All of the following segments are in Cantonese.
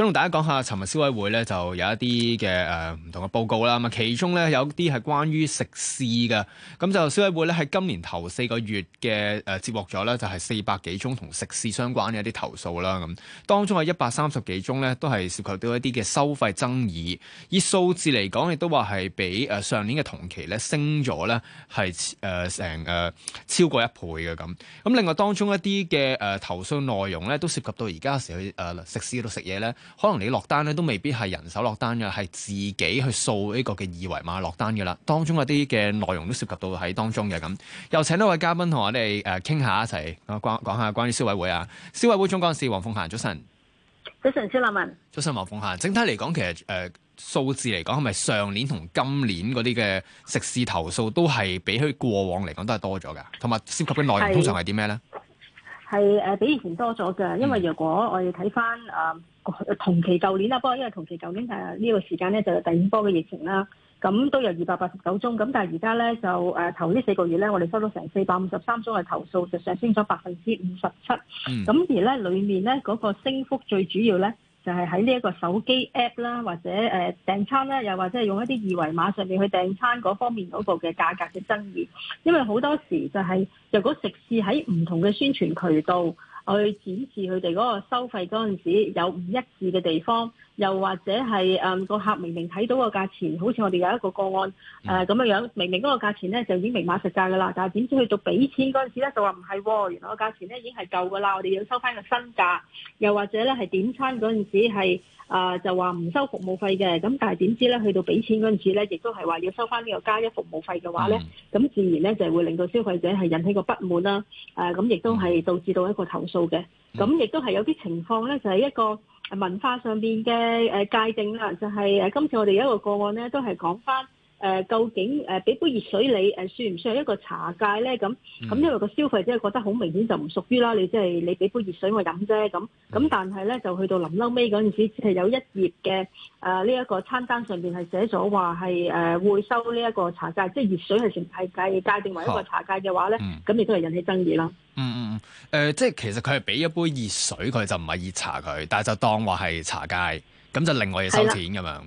想同大家講下，尋日消委會咧就有一啲嘅誒唔同嘅報告啦。咁啊，其中咧有啲係關於食肆嘅，咁就消委會咧喺今年頭四個月嘅誒、呃、接獲咗咧就係四百幾宗同食肆相關嘅一啲投訴啦。咁當中係一百三十幾宗咧，都係涉及到一啲嘅收費爭議。以數字嚟講，亦都話係比誒上年嘅同期咧升咗咧係誒成誒、呃、超過一倍嘅咁。咁另外當中一啲嘅誒投訴內容咧，都涉及到而家時去誒、呃、食肆度食嘢咧。可能你落單咧都未必係人手落單嘅，係自己去掃呢個嘅二維碼落單噶啦。當中的一啲嘅內容都涉及到喺當中嘅咁。又請一位嘉賓同我哋誒傾下一齊，講講下關於消委會啊。消委會總幹事黃鳳嫺早晨，早晨，肖立文，早晨黃鳳嫺。整體嚟講，其實誒、呃、數字嚟講係咪上年同今年嗰啲嘅食肆投訴都係比佢過往嚟講都係多咗噶，同埋涉及嘅內容通常係啲咩咧？係誒比以前多咗噶，因為如果我哋睇翻誒。呃同期舊年啦，不過因為同期舊年係呢個時間咧，就有第五波嘅疫情啦，咁都有二百八十九宗，咁但係而家咧就誒頭呢四個月咧，我哋收到成四百五十三宗嘅投訴，就上升咗百分之五十七。咁、嗯、而咧，裡面咧嗰個升幅最主要咧，就係喺呢一個手機 app 啦、呃，或者誒訂餐啦，又或者係用一啲二維碼上面去訂餐嗰方面嗰個嘅價格嘅爭議，因為好多時就係、是、如果食肆喺唔同嘅宣傳渠道。去展示佢哋嗰個收費嗰陣時有唔一致嘅地方。又或者係誒個客明明睇到個價錢，好似我哋有一個個案誒咁樣樣，明明嗰個價錢咧就已經明碼實價㗎啦，但係點知去到俾錢嗰陣時咧就話唔係，原來個價錢咧已經係舊㗎啦，我哋要收翻個新價。又或者咧係點餐嗰陣時係、呃、就話唔收服務費嘅，咁但係點知咧去到俾錢嗰陣時咧，亦都係話要收翻呢個加一服務費嘅話咧，咁、嗯、自然咧就會令到消費者係引起個不滿啦。誒咁亦都係導致到一個投訴嘅。咁亦、嗯嗯、都係有啲情況咧就係、是、一個。文化上邊嘅誒界定啦，就係誒今次我哋一個個案咧，都係講翻。誒究竟誒俾杯熱水你算唔算係一個茶界咧？咁咁、嗯、因為個消費者覺得好明顯就唔屬於啦。你即係你俾杯熱水我飲啫。咁咁、嗯、但係咧就去到臨嬲尾嗰陣時只係有一頁嘅誒呢一個餐單上面係寫咗話係誒會收呢一個茶界，嗯、即係熱水係成係界定為一個茶界嘅話咧，咁亦都係引起爭議啦、嗯。嗯嗯、呃、即係其實佢係俾一杯熱水，佢就唔係熱茶佢，但係就當話係茶界，咁就另外要收錢咁樣。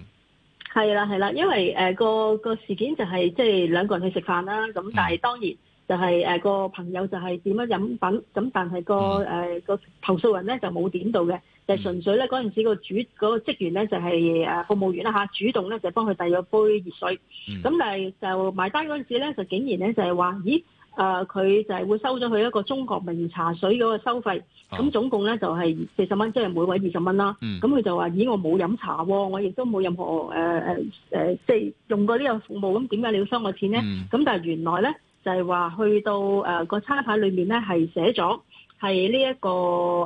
係啦，係啦，因為誒、呃、個個事件就係、是、即係兩個人去食飯啦，咁但係當然就係、是、誒、呃、個朋友就係點樣飲品，咁但係個誒、呃、個投訴人咧就冇點到嘅，就係純粹咧嗰陣時那個主嗰、嗰個職員咧就係、是、誒、啊、服務員啦吓、啊，主動咧就幫佢遞咗杯熱水，咁、嗯、但係就埋單嗰陣時咧就竟然咧就係話咦？誒佢、呃、就係會收咗佢一個中國名茶水嗰個收費，咁、oh. 總共咧就係四十蚊，即係每位二十蚊啦。咁佢、mm. 就話：咦，我冇飲茶，我亦都冇任何誒誒誒，即、呃、係、呃呃、用過呢個服務，咁點解你要收我錢咧？咁、mm. 但係原來咧就係、是、話去到誒個、呃、餐牌裏面咧係寫咗係呢一個誒誒、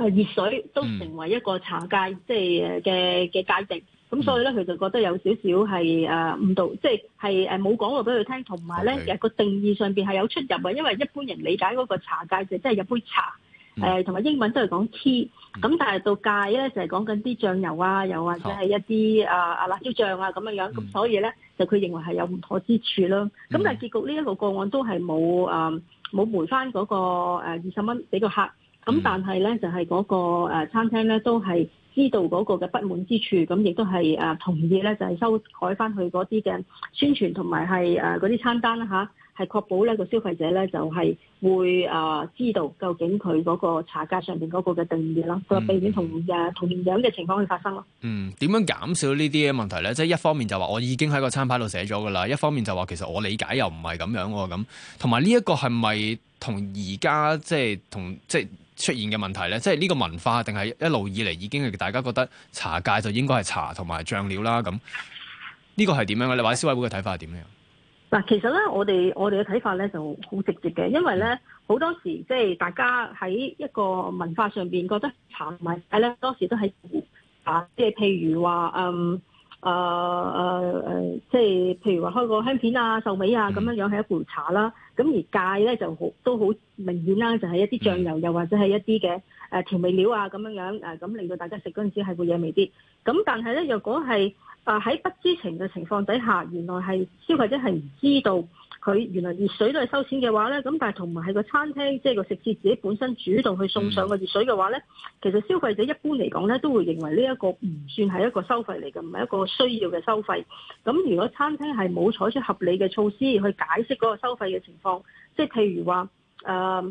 呃、熱水都成為一個茶界、mm. 即係嘅嘅界定。咁所以咧，佢就覺得有少少係誒誤導，即係係誒冇講過俾佢聽，同埋咧其實個定義上邊係有出入啊，因為一般人理解嗰個茶芥就即係一杯茶，誒同埋英文都係講 tea，咁但係到芥咧就係講緊啲醬油啊，又或者係一啲誒、哦、啊辣椒醬啊咁樣樣，咁、嗯、所以咧就佢認為係有唔妥之處咯。咁、嗯、但係結局呢一個個案都係冇誒冇回翻嗰個二十蚊俾個客，咁但係咧就係嗰個餐廳咧都係。知道嗰個嘅不滿之處，咁亦都係誒同意咧，就係修改翻佢嗰啲嘅宣傳同埋係誒嗰啲餐單啦嚇，係確保咧個消費者咧就係會誒知道究竟佢嗰個茶價上邊嗰個嘅定義啦，就避免同誒同樣嘅情況去發生咯。嗯，點樣減少呢啲嘅問題咧？即係一方面就話我已經喺個餐牌度寫咗噶啦，一方面就話其實我理解又唔係咁樣喎咁，同埋呢一個係咪同而家即係同即係？出現嘅問題咧，即係呢個文化定係一路以嚟已經係大家覺得茶界就應該係茶同埋醬料啦。咁呢個係點樣嘅？你或者消委會嘅睇法係點樣？嗱，其實咧，我哋我哋嘅睇法咧就好直接嘅，因為咧好、嗯、多時即係大家喺一個文化上邊覺得茶唔係係啦，但多時都係啊、嗯呃呃，即係譬如話嗯啊啊誒，即係譬如話開個香片啊、壽眉啊咁樣樣係一杯茶啦。嗯咁而芥咧就好都好明顯啦，就係一啲醬油又或者係一啲嘅誒調味料啊咁樣樣誒，咁令到大家食嗰陣時係會有味啲。咁但係咧，若果係啊喺不知情嘅情況底下，原來係消費者係唔知道。佢原來熱水都係收錢嘅話呢，咁但係同埋係個餐廳，即係個食肆自己本身主動去送上個熱水嘅話呢，其實消費者一般嚟講呢，都會認為呢一個唔算係一個收費嚟嘅，唔係一個需要嘅收費。咁如果餐廳係冇採取合理嘅措施去解釋嗰個收費嘅情況，即係譬如話，呃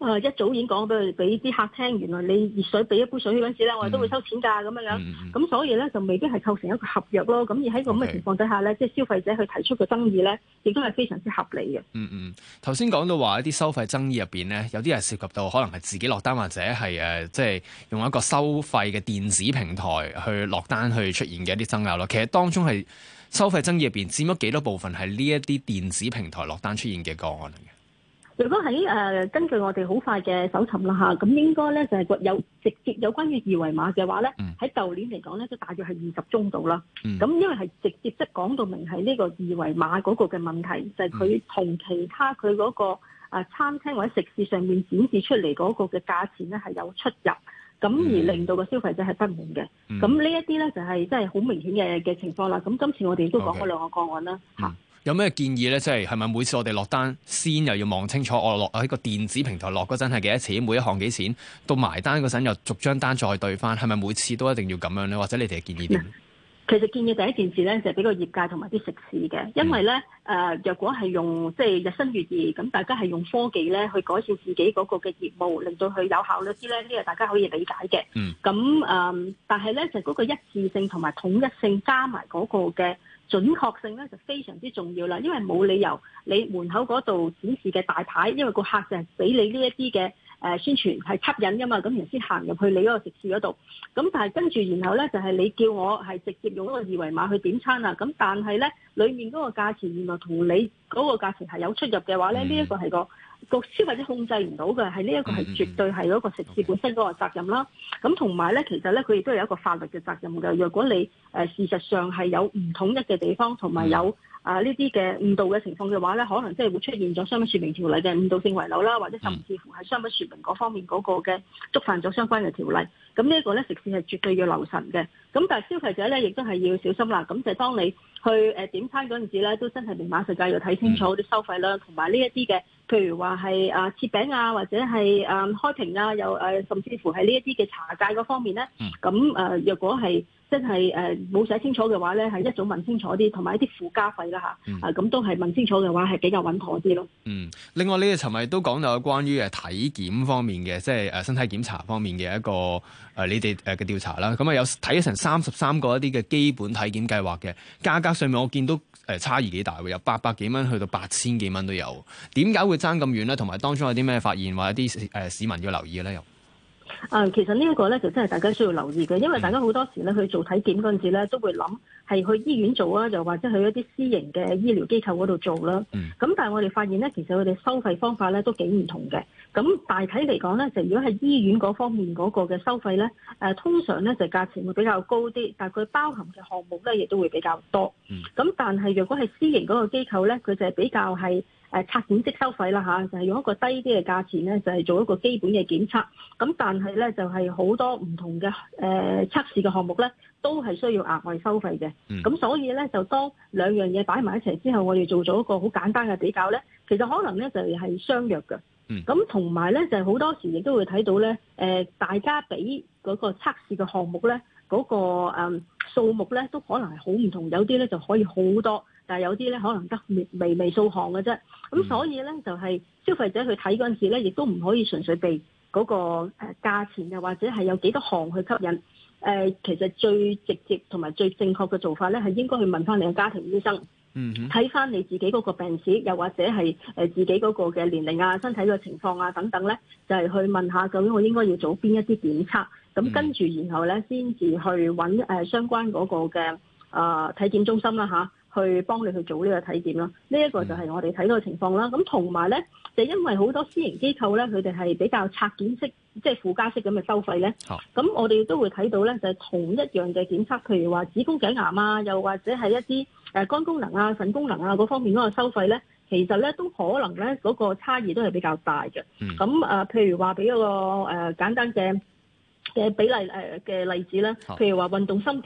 誒，一早已經講俾俾啲客聽，原來你熱水俾一杯水嗰陣時咧，我哋都會收錢噶咁樣樣，咁所以咧就未必係構成一個合約咯。咁而喺咁嘅情況底下咧，即係 okay, 消費者去提出嘅爭議咧，亦都係非常之合理嘅、嗯。嗯嗯，頭先講到話一啲收費爭議入邊咧，有啲係涉及到可能係自己落單或者係誒、啊，即係用一個收費嘅電子平台去落單去出現嘅一啲爭拗咯。其實當中係收費爭議入邊佔咗幾多部分係呢一啲電子平台落單出現嘅個案嚟嘅？如果喺誒、呃、根據我哋好快嘅搜尋啦嚇，咁應該咧就係、是、有直接有關於二維碼嘅話咧，喺舊、嗯、年嚟講咧都大約係二十宗度啦。咁、嗯、因為係直接即係講到明係呢個二維碼嗰個嘅問題，就係、是、佢同其他佢嗰、那個、啊、餐廳或者食肆上面展示出嚟嗰個嘅價錢咧係有出入，咁而令到個消費者係不滿嘅。咁、嗯、呢一啲咧就係、是、真係好明顯嘅嘅情況啦。咁今次我哋都講嗰兩個個案啦，嚇、嗯。嗯有咩建議呢？即係係咪每次我哋落單先又要望清楚？我落喺個電子平台落嗰陣係幾多錢？每一項幾錢？到埋單嗰陣又逐張單再對翻，係咪每次都一定要咁樣呢？或者你哋嘅建議點？其實建議第一件事呢，就係俾個業界同埋啲食肆嘅，因為呢，誒、呃，若果係用即係、即係、日新月異，咁大家係用科技呢去改善自己嗰個嘅業務，令到佢有效率啲呢，呢個大家可以理解嘅。嗯，嗯。咁誒，但係呢，就嗰、係、個一致性同埋統一性加埋嗰個嘅。準確性咧就非常之重要啦，因為冇理由你門口嗰度展示嘅大牌，因為個客就係俾你呢一啲嘅誒宣傳係吸引嘅嘛，咁先行入去你嗰個食肆嗰度。咁但係跟住然後咧就係、是、你叫我係直接用嗰個二維碼去點餐啦，咁但係咧裏面嗰個價錢原來同你嗰個價錢係有出入嘅話咧，呢一個係個。個消費者控制唔到嘅係呢一個係絕對係嗰個食肆本身嗰個責任啦。咁同埋咧，其實咧佢亦都有一個法律嘅責任嘅。若果你誒事實上係有唔統一嘅地方，同埋有啊呢啲嘅誤導嘅情況嘅話咧，可能即係會出現咗商品說明條例嘅誤導性遺漏啦，或者甚至乎係商品說明嗰方面嗰個嘅觸犯咗相關嘅條例。咁呢一個咧食肆係絕對要留神嘅。咁但係消費者咧亦都係要小心啦。咁就當你去誒點餐嗰陣時咧，都真係明碼實價要睇清楚啲收費啦，同埋呢一啲嘅。譬如話係啊切餅啊，或者係啊開庭啊，又誒甚至乎係呢一啲嘅茶界嗰方面咧，咁誒若果係真係誒冇寫清楚嘅話咧，係一早問清楚啲，同埋一啲附加費啦吓，啊咁、嗯、都係問清楚嘅話係比較穩妥啲咯。嗯，另外呢個尋日都講到關於誒體檢方面嘅，即係誒身體檢查方面嘅一個誒你哋誒嘅調查啦。咁啊有睇咗成三十三個一啲嘅基本體檢計劃嘅價格上面，我見到。誒差異幾大喎？由八百幾蚊去到八千幾蚊都有，點解會爭咁遠呢？同埋當中有啲咩發現，或者啲誒市民要留意嘅咧？又，啊，其實呢一個咧就真係大家需要留意嘅，因為大家好多時咧去做體檢嗰陣時咧都會諗。係去醫院做啊，又或者去一啲私營嘅醫療機構嗰度做啦。咁、嗯、但係我哋發現呢，其實佢哋收費方法呢都幾唔同嘅。咁大體嚟講呢，就如果係醫院嗰方面嗰個嘅收費呢，誒、呃、通常呢就價錢會比較高啲，但係佢包含嘅項目呢亦都會比較多。咁、嗯、但係若果係私營嗰個機構呢，佢就係比較係誒拆點式收費啦嚇，就係、是、用一個低啲嘅價錢呢，就係、是、做一個基本嘅檢測。咁但係呢，就係、是、好多唔同嘅誒、呃、測試嘅項目呢，都係需要額外收費嘅，咁所以呢，就當兩樣嘢擺埋一齊之後，我哋做咗一個好簡單嘅比較呢，其實可能呢，就係相若嘅，咁同埋呢，就係好多時亦都會睇到呢、呃，大家俾嗰個測試嘅項目呢，嗰、嗰個、嗯、數目呢，都可能係好唔同，有啲呢，就可以好多，但係有啲呢，可能得微微數項嘅啫，咁所以呢，就係、係、消費者去睇嗰陣時呢，亦都唔可以純粹被嗰個價錢又或者係有幾多項去吸引、呃，其實最直接同埋最正確嘅做法咧，係應該去問翻你嘅家庭醫生，嗯、mm，睇、hmm. 翻你自己嗰個病史，又或者係自己嗰個嘅年齡啊、身體嘅情況啊等等咧，就係、是、去問下究竟我應該要做邊一啲檢測，咁跟住然後咧先至去揾、呃、相關嗰個嘅啊、呃、體檢中心啦、啊去幫你去做呢個體檢咯，呢、這、一個就係我哋睇到嘅情況啦。咁同埋呢，就因為好多私營機構呢，佢哋係比較拆件式、即、就、係、是、附加式咁嘅收費呢。咁、哦、我哋都會睇到呢，就係、是、同一樣嘅檢測，譬如話子宮頸癌啊，又或者係一啲誒肝功能啊、腎功能啊嗰方面嗰個收費呢，其實呢都可能呢嗰個差異都係比較大嘅。咁啊、嗯呃，譬如話俾一個誒、呃、簡單嘅。嘅比例嘅、呃、例子咧，譬如話運動心電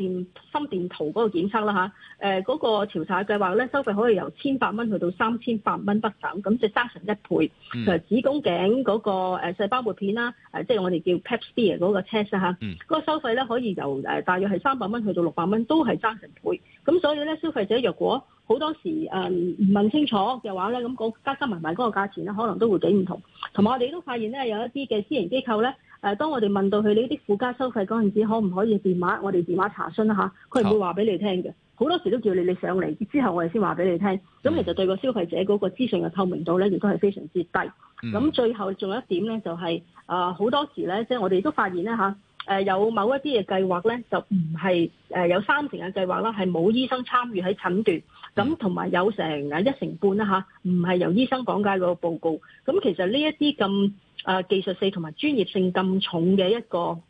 心電圖嗰個檢測啦嚇，嗰、啊呃嗰個調查計劃咧，收費可以由千八蚊去到三千八蚊不等，咁即係增成一倍。誒、嗯呃、子宮頸嗰、嗰個、呃、細胞薄片啦、呃，即係我哋叫 Pap smear、ER、嗰個 test 嗰、啊嗯、個收費咧可以由、呃、大約係三百蚊去到六百蚊，都係三成一倍。咁所以咧，消費者若果好多時唔、呃、問清楚嘅話咧，咁個加加埋埋嗰個價錢咧，可能都會幾唔同。同埋、嗯、我哋都發現咧，有一啲嘅私營機構咧。誒，當我哋問到佢呢啲附加收費嗰陣時，可唔可以電話？我哋電話查詢下，佢唔會話俾你聽嘅。好好多時都叫你你上嚟之後我們才告訴，我哋先話俾你聽。咁其實對個消費者嗰個資訊嘅透明度咧，亦都係非常之低。咁、嗯、最後仲有一點咧、就係，就係誒好多時咧，即係我哋都發現咧嚇，誒有某一啲嘅計劃咧，就唔係誒有三成嘅計劃啦，係冇醫生參與喺診斷。咁同埋有成啊一成半啦，吓，唔係由醫生講解嗰個報告。咁其實呢一啲咁誒技術性同埋專業性咁重嘅一個。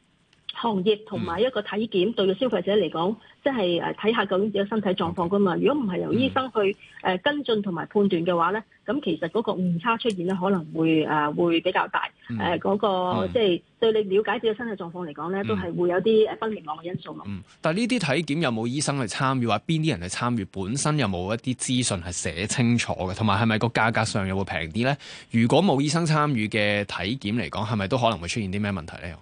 行業同埋一個體檢對個消費者嚟講，即係誒睇下究竟自己的身體狀況噶嘛。如果唔係由醫生去誒跟進同埋判斷嘅話咧，咁其實嗰個誤差出現咧可能會誒會比較大。誒嗰、嗯呃那個即係、就是、對你了解自己的身體狀況嚟講咧，都係會有啲誒不明朗嘅因素咯、嗯。但係呢啲體檢有冇醫生去參與？話邊啲人去參與？本身有冇一啲資訊係寫清楚嘅？同埋係咪個價格上有冇平啲咧？如果冇醫生參與嘅體檢嚟講，係咪都可能會出現啲咩問題咧？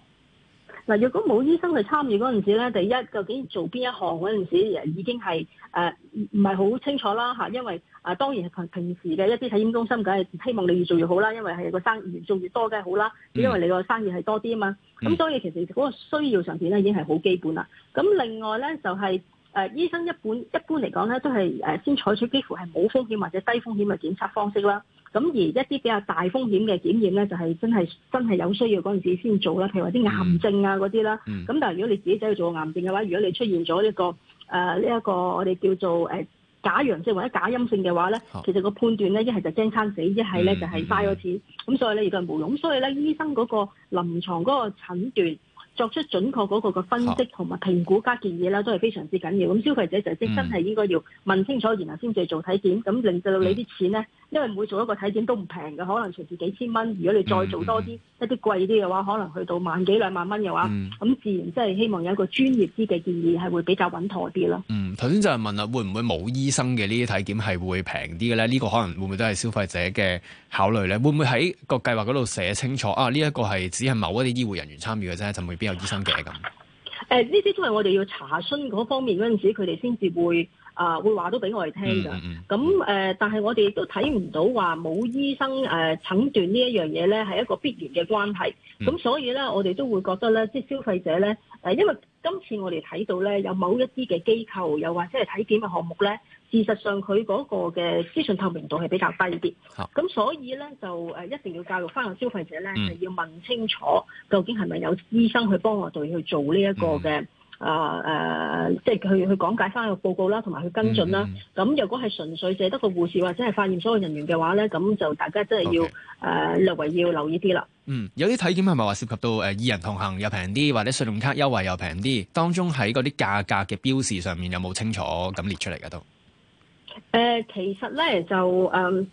嗱，若果冇醫生去參與嗰陣時咧，第一，究竟做邊一行嗰陣時，誒已經係誒唔係好清楚啦嚇，因為誒、呃、當然係平平時嘅一啲體檢中心梗係希望你越做越好啦，因為係個生意越做越多梗係好啦，因為你個生意係多啲啊嘛。咁所以其實嗰個需要上邊咧已經係好基本啦。咁另外咧就係、是、誒、呃、醫生一般一般嚟講咧都係、呃、先採取幾乎係冇風險或者低風險嘅檢測方式啦。咁而一啲比較大風險嘅檢驗咧，就係真係真係有需要嗰陣時先做啦。譬如話啲癌症啊嗰啲啦，咁、mm hmm. 但係如果你自己仔去做癌症嘅話，如果你出現咗呢、呢個呢一、呃呢個我哋叫做假陽性或者假陰性嘅話咧，oh. 其實個判斷咧一係就驚餐死，一係咧就係花咗錢。咁、mm hmm. 所以咧，如果係冇用。咁所以咧，醫生嗰個臨床嗰個診斷作出準確嗰個嘅分析同埋評估加建議咧，都係非常之緊要。咁消費者就即真係應該要問清楚，然後先至做體檢，咁令到你啲錢咧。Mm hmm. 因為每做一個體檢都唔平嘅，可能隨時幾千蚊。如果你再做多啲一啲，嗯、貴啲嘅話，可能去到萬幾兩萬蚊嘅話，咁、嗯、自然即係希望有一個專業啲嘅建議係會比較穩妥啲咯。嗯，頭先就係問啦，會唔會冇醫生嘅呢啲體檢係會平啲嘅咧？呢、這個可能會唔會都係消費者嘅考慮咧？會唔會喺個計劃嗰度寫清楚啊？呢、這、一個係只係某一啲醫護人員參與嘅啫，就未必有醫生嘅咁。誒呢啲都係我哋要查詢嗰方面嗰陣時，佢哋先至會啊、呃、會話到俾我哋聽㗎。咁誒、mm hmm. 呃，但係我哋亦都睇唔到話冇醫生誒診、呃、斷呢一樣嘢咧，係一個必然嘅關係。咁、mm hmm. 所以咧，我哋都會覺得咧，即係消費者咧誒、呃，因為今次我哋睇到咧，有某一啲嘅機構又或者係體檢嘅項目咧。事實上佢嗰個嘅資訊透明度係比較低啲，咁、啊、所以咧就誒、啊、一定要教育翻個消費者咧就、嗯、要問清楚究竟係咪有醫生去幫我哋去做呢一個嘅、嗯、啊誒、啊，即係去去，去講解翻個報告啦，同埋去跟進啦。咁、嗯啊、如果係純粹淨得個護士或者係化驗所有人員嘅話咧，咁就大家真係要誒 Okay.、呃、略為要留意啲啦。嗯，有啲體檢係咪話涉及到誒、呃、二人同行又平啲，或者信用卡優惠又平啲？當中喺嗰啲價格嘅標示上面有冇清楚咁列出嚟嘅都？呃、其實咧就誒、嗯，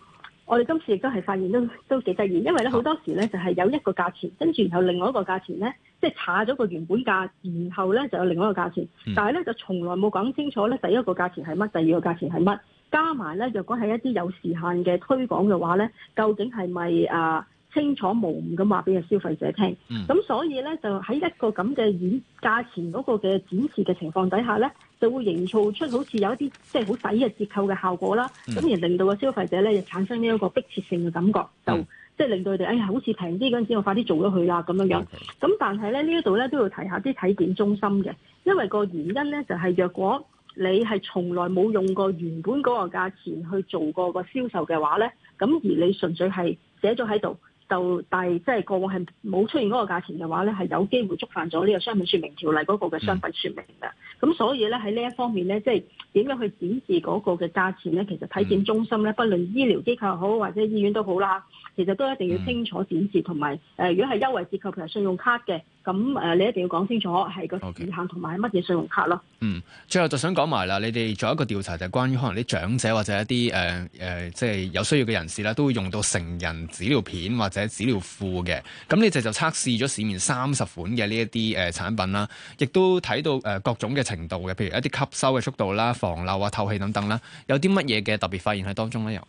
我哋今次亦都係發現都都幾得意，因為咧好、嗯、多時咧就係、是、有一個價錢，跟住然後另外一個價錢咧，即係差咗個原本價，然後咧就有另外一個價錢，但係咧就從來冇講清楚咧第一個價錢係乜，第二個價錢係乜，加埋咧，如果係一啲有時限嘅推廣嘅話咧，究竟係咪啊？呃清楚無誤咁話俾個消費者聽，咁、嗯、所以咧就喺一個咁嘅價錢嗰個嘅展示嘅情況底下咧，就會營造出好似有一啲即係好抵嘅折扣嘅效果啦。咁而、嗯、令到個消費者咧，又產生呢一個迫切性嘅感覺，嗯、就即係令到佢哋呀，好似平啲嗰陣時，我快啲做咗佢啦咁樣樣。咁、嗯、但係咧呢一度咧都要提下啲體檢中心嘅，因為個原因咧就係、是、若果你係從來冇用過原本嗰個價錢去做過個銷售嘅話咧，咁而你純粹係寫咗喺度。就但係即係過往係冇出現嗰個價錢嘅話咧，係有機會觸犯咗呢個商品說明條例嗰個嘅商品說明嘅。咁所以咧喺呢一方面咧，即係點樣去展示嗰個嘅價錢咧？其實體檢中心咧，不論醫療機構好或者醫院都好啦，其實都一定要清楚展示同埋誒，如果係優惠折扣譬如信用卡嘅。 咁你一定要講清楚係個時限同埋乜嘢信用卡咯。Okay. 嗯，最後就想講埋啦。你哋做一個調查，就係關於可能啲長者或者一啲誒即係有需要嘅人士啦，都會用到成人紙尿片或者紙尿褲嘅。咁你就就測試咗市面三十款嘅呢一啲產品啦，亦都睇到、呃、各種嘅程度嘅，譬如一啲吸收嘅速度啦、防漏啊、透氣等等啦，有啲乜嘢嘅特別發現喺當中咧？又？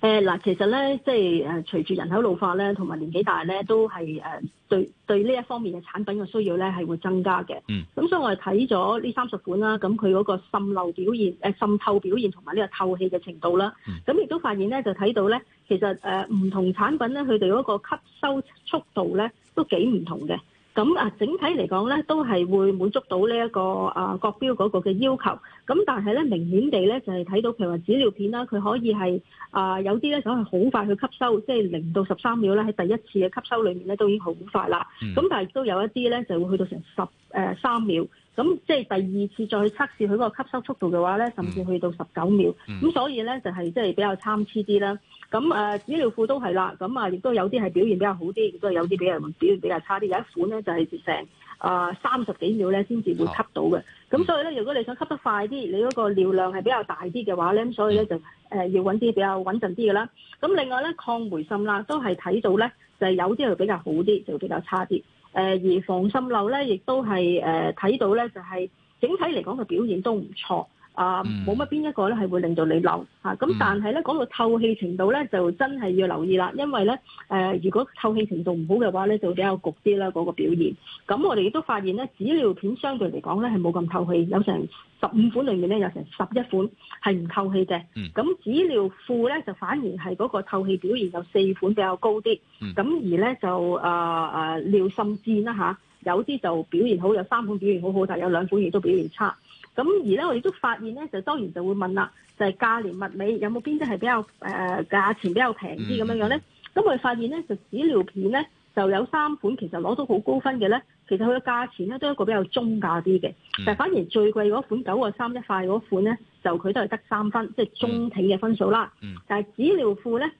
誒，嗱，其實咧，即係誒，隨住人口老化咧，同埋年紀大咧，都係誒，對對呢一方面嘅產品嘅需要咧，係會增加嘅。嗯。咁所以我哋睇咗呢三十款啦，咁佢嗰個滲漏表現、誒滲透表現同埋呢個透氣嘅程度啦，咁亦都發現咧，就睇到咧，其實誒唔同產品咧，佢哋嗰個吸收速度咧，都幾唔同嘅。咁啊，整體嚟講咧，都係會滿足到呢、這、一個啊國標嗰個嘅要求。咁但係咧，明顯地咧，就係睇到譬如話紙尿片啦，佢可以係啊、呃、有啲咧，就係好快去吸收，即係零到十三秒咧，喺第一次嘅吸收裏面咧，都已經好快啦。咁、嗯、但係都有一啲咧，就會去到成十誒三秒。咁即係第二次再去測試佢個吸收速度嘅話咧，甚至去到十九秒。咁、嗯、所以咧就係即係比較參差啲啦。咁誒紙尿褲都係啦，咁啊亦都有啲係表現比較好啲，亦都有啲比較表現比較差啲。有一款咧就係成啊三十幾秒咧先至會吸到嘅。咁、哦、所以咧，如果你想吸得快啲，你嗰個尿量係比較大啲嘅話咧，咁所以咧就誒要揾啲比較穩陣啲嘅啦。咁另外咧抗回滲啦，都係睇到咧就係、是、有啲係比較好啲，就比較差啲。誒而防滲漏咧，亦都係誒睇到咧，就係整體嚟講嘅表現都唔錯。啊，冇乜邊一個咧係會令到你漏吓，咁、嗯、但係咧講到透氣程度咧就真係要留意啦，因為咧誒、呃、如果透氣程度唔好嘅話咧就比較焗啲啦嗰個表現。咁我哋亦都發現咧紙尿片相對嚟講咧係冇咁透氣，有成十五款裏面咧有成十一款係唔透氣嘅。咁紙尿褲咧就反而係嗰個透氣表現有四款比較高啲。咁、嗯、而咧就、呃呃、啊啊尿滲漬啦嚇，有啲就表現好，有三款表現好好，但係有兩款亦都表現差。咁而咧，我亦都發現咧，就當然就會問啦，就係、是、價廉物美，有冇邊啲係比較誒、呃、價錢比較平啲咁樣樣咧？咁、嗯、我哋發現咧，就紙尿片咧就有三款其實攞到好高分嘅咧，其實佢嘅價錢咧都一個比較中價啲嘅，嗯、但反而最貴嗰款九個三一塊嗰款咧，就佢都係得三分，即、就、係、是、中等嘅分數啦。嗯、但係紙尿褲咧，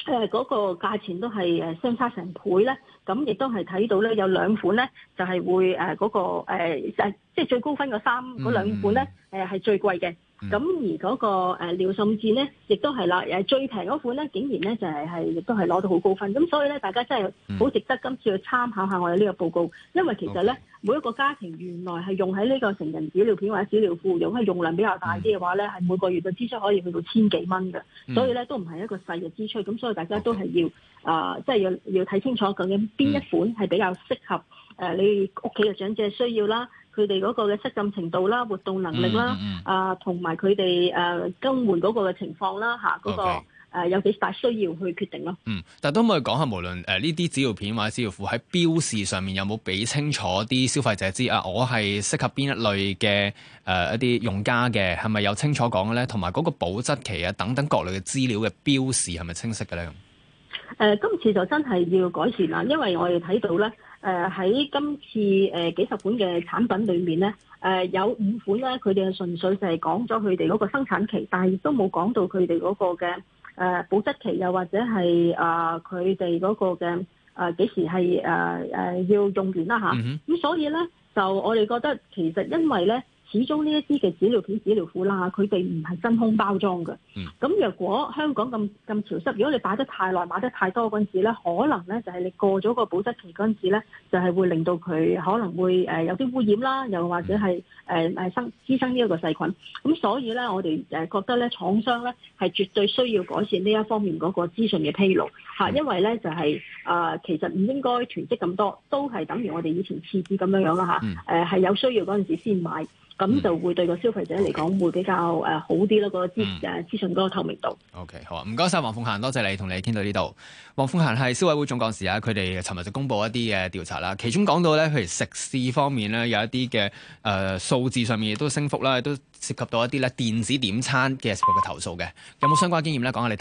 誒嗰、呃嗰個價錢都係相差成倍呢。咁亦都係睇到呢，有兩款呢就係會誒嗰、呃嗰個誒、呃、即係最高分嘅三嗰兩款呢，誒係最貴嘅。咁、嗯、而嗰、嗰個、呃、尿滲紙咧，亦都係啦，最平嗰款咧，竟然咧就係亦都係攞到好高分，咁所以咧大家真係好值得今次去參考下我哋呢個報告，因為其實咧、嗯、每一個家庭原來係用喺呢個成人紙尿片或者紙尿褲用係用量比較大啲嘅話咧，係、嗯、每個月嘅支出可以去到千幾蚊嘅，所以咧都唔係一個細嘅支出，咁所以大家都係要啊，即係、嗯呃就係、要要睇清楚究竟邊一款係比較適合誒、嗯呃、你屋企嘅長者需要啦。佢哋嗰個嘅失禁程度啦，活動能力啦、嗯嗯啊，啊，同埋佢哋誒更換嗰個嘅情況啦，嚇、啊、嗰、那個 Okay.、啊、有幾大需要去決定咯。嗯，但係都可以講下，無論誒呢啲紙尿片或者紙尿褲喺標示上面有冇俾清楚啲消費者知啊？我係適合邊一類嘅誒、啊、一啲用家嘅係咪有清楚講嘅咧？同埋嗰個保質期啊等等各類嘅資料嘅標示係咪清晰嘅咧？呃、今次就真係要改善啦，因為我哋睇到咧，喺、呃、今次、呃、幾十款嘅產品裏面咧、呃，有五款咧，佢哋係純粹就係講咗佢哋嗰個生產期，但係亦都冇講到佢哋嗰個嘅誒、呃、保質期，又或者係啊佢哋嗰個嘅誒幾時係誒、呃、要用完啦嚇。咁、嗯、哼所以咧，就我哋覺得其實因為咧。始終呢一啲嘅紙尿片、紙尿褲啦，佢哋唔係真空包裝嘅。咁若、嗯、果香港咁咁潮濕，如果你擺得太耐、買得太多嗰陣時呢，可能呢就係你過咗個保質期嗰陣時呢，就係、是、會令到佢可能會有啲污染啦，又或者係誒、呃、生滋生呢一個細菌。咁所以呢，我哋覺得呢廠商呢係絕對需要改善呢一方面嗰個資訊嘅披露，因為呢就係、是呃、其實唔應該囤積咁多，都係等如我哋以前廁紙咁樣樣啦。係有需要嗰陣時先買。咁、嗯、就會對個消費者嚟講，會比較誒好啲咯。嗯、個資誒資訊嗰個透明度。OK，好啊，唔該晒。黃鳳嫺，多謝你同你傾到呢度。黃鳳嫺係消委會總幹事啊，佢哋尋日就公布一啲嘅調查啦，其中講到咧，譬如食肆方面咧有一啲嘅誒數字上面亦都升幅啦，都涉及到一啲咧電子點餐嘅嘅投訴嘅，有冇相關經驗咧？講下你睇。